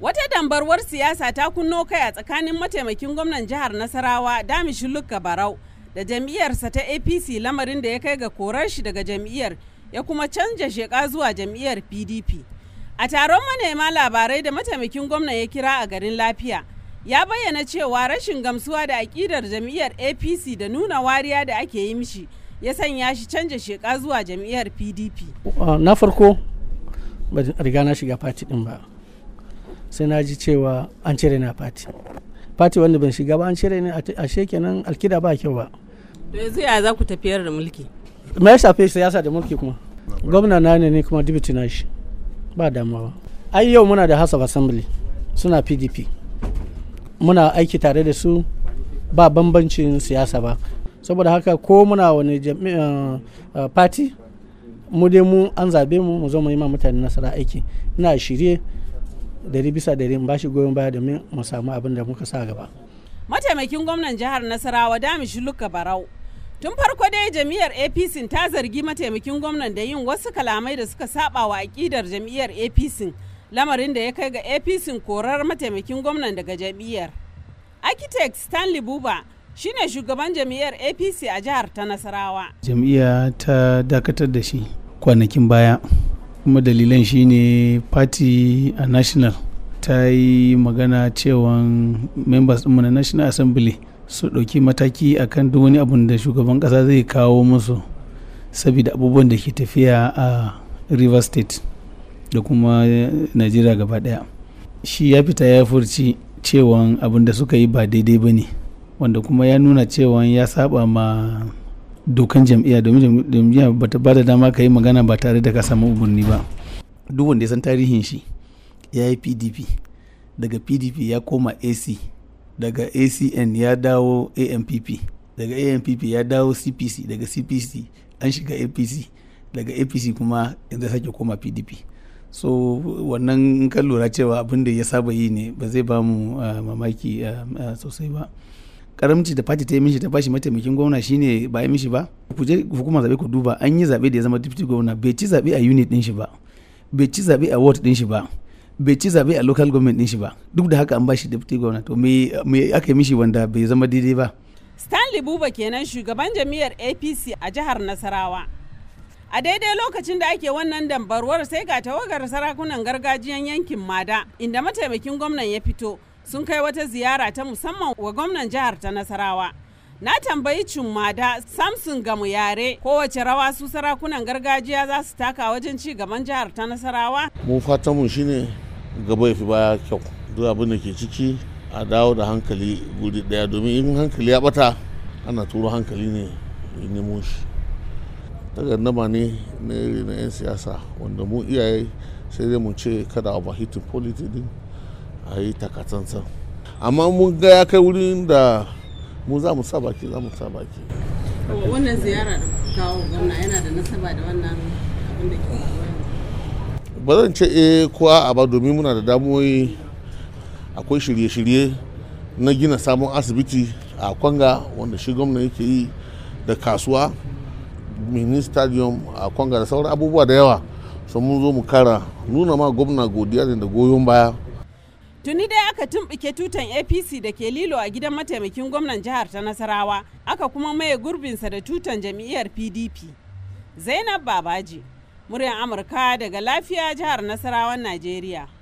Wata dambarwar siyasa ta kunno kai a tsakanin mataimakin gwamnan jihar Nasarawa Damishin Lukka Barau da jam'iyyarsa ta APC lamarin da ya kai ga korar shi daga jam'iyyar ya kuma canja sheka zuwa jam'iyyar PDP. A taron manema labarai da mataimakin gwamnan ya kira a garin lafiya ya bayyana cewa rashin gamsuwa da aƙidar jam'iyyar APC da nuna wariya da ake yi mishi ya sanya shi canja sheka zuwa jam'iyyar PDP. Uh, na farko ba riga na shiga fati din ba. sai na ji cewa an cire na fati fati wanda ban shiga ba an cire ni sheke nan alkida ba kyau ba to yanzu ya za ku tafiyar da mulki me ya shafe siyasa da mulki kuma gwamna na ne kuma dibiti na shi ba damuwa ai yau muna da house assembly suna pdp muna aiki tare da su ba bambancin siyasa ba saboda haka ko muna wani eh, eh, party mu dai mu an zabe mu mu zo mu yi ma mutane nasara aiki ina shirye dari bisa dari in shi goyon baya domin mu samu abin da muka sa gaba. Mataimakin gwamnan jihar Nasarawa Damishi Luka Barau Tun farko dai jam'iyyar APC ta zargi mataimakin gwamnan da yin wasu kalamai da suka saba wa aƙidar jam'iyyar APC lamarin da ya kai ga APC korar mataimakin gwamnan daga jam'iyyar. Architect Stanley Buba shine shugaban jam'iyyar APC a jihar ta Nasarawa. Jam'iyya ta dakatar da shi kwanakin baya kuma dalilan shine party a national ta yi magana cewa members ɗinmu na national assembly su ɗauki mataki akan duk wani abun da shugaban ƙasa zai kawo musu saboda abubuwan da ke tafiya a river state da kuma najeriya gaba ɗaya shi ya fita ya furci cewa abin da suka yi ba daidai ba ne wanda kuma ya nuna cewa ya saba ma dokan jam'iyya domin jam'iyya ba ta bada dama ka yi magana ba tare da ka samu umarni ba duk wanda ya san tarihin shi ya yi pdp daga pdp ya koma ac daga acn ya dawo ampp daga ampp ya dawo cpc daga cpc an shiga apc daga apc kuma yanzu sake koma pdp so wannan kan lura cewa abin da ya saba yi ne ba zai ba mu ah, mamaki ah, ah, sosai ba karamci da fati ta yi mishi ta bashi mataimakin gwamna shine ba yi mishi ba ku je hukumar zabe ku duba an yi zabe da ya zama deputy gwamna bai ci zabe a unit din shi ba bai ci zabe a ward din shi ba bai ci zabe a local government din shi ba duk da haka an bashi deputy gwamna to me me aka yi mishi wanda bai zama daidai ba Stanley Buba kenan shugaban jami'ar APC a jihar Nasarawa a daidai lokacin da ake wannan dambarwar sai ga tawagar sarakunan gargajiyan yankin mada inda mataimakin gwamnan ya fito sun kai wata ziyara ta musamman wa gwamnan jihar ta Nasarawa. Na tambayi Cummada Samson ga Yare kowace rawa su sarakunan gargajiya za su taka wajen ci gaban jihar ta Nasarawa. Mu fatanmu shine gaba ya fi baya kyau. Duk abin da ke ciki a dawo da hankali guri daya domin in hankali ya bata ana turo hankali ne ya nemo shi nama ne na 'yan siyasa wanda mu iyaye sai dai mu ce kada a hitin politics a yi takatsantsan amma mun ga ya kai wurin da mu za mu sa baki za mu sa baki wannan ziyara da kawo gwamna yana da nasaba da wannan abin da ke ba zan ce eh ko a ba domin muna da damuwoyi akwai shirye-shirye na gina samun asibiti a kwanga wanda shi gwamna yake yi da kasuwa mini stadium a kwanga da sauran abubuwa da yawa sun mun zo mu kara nuna ma gwamna godiya da goyon baya Tuni dai aka tumɓuke tutan APC da ke lilo a gidan mataimakin gwamnan jihar ta Nasarawa, aka kuma maye gurbinsa da tutan jam'iyyar PDP. Zainab Babaji, muryar Amurka daga lafiya jihar Nasarawan Najeriya.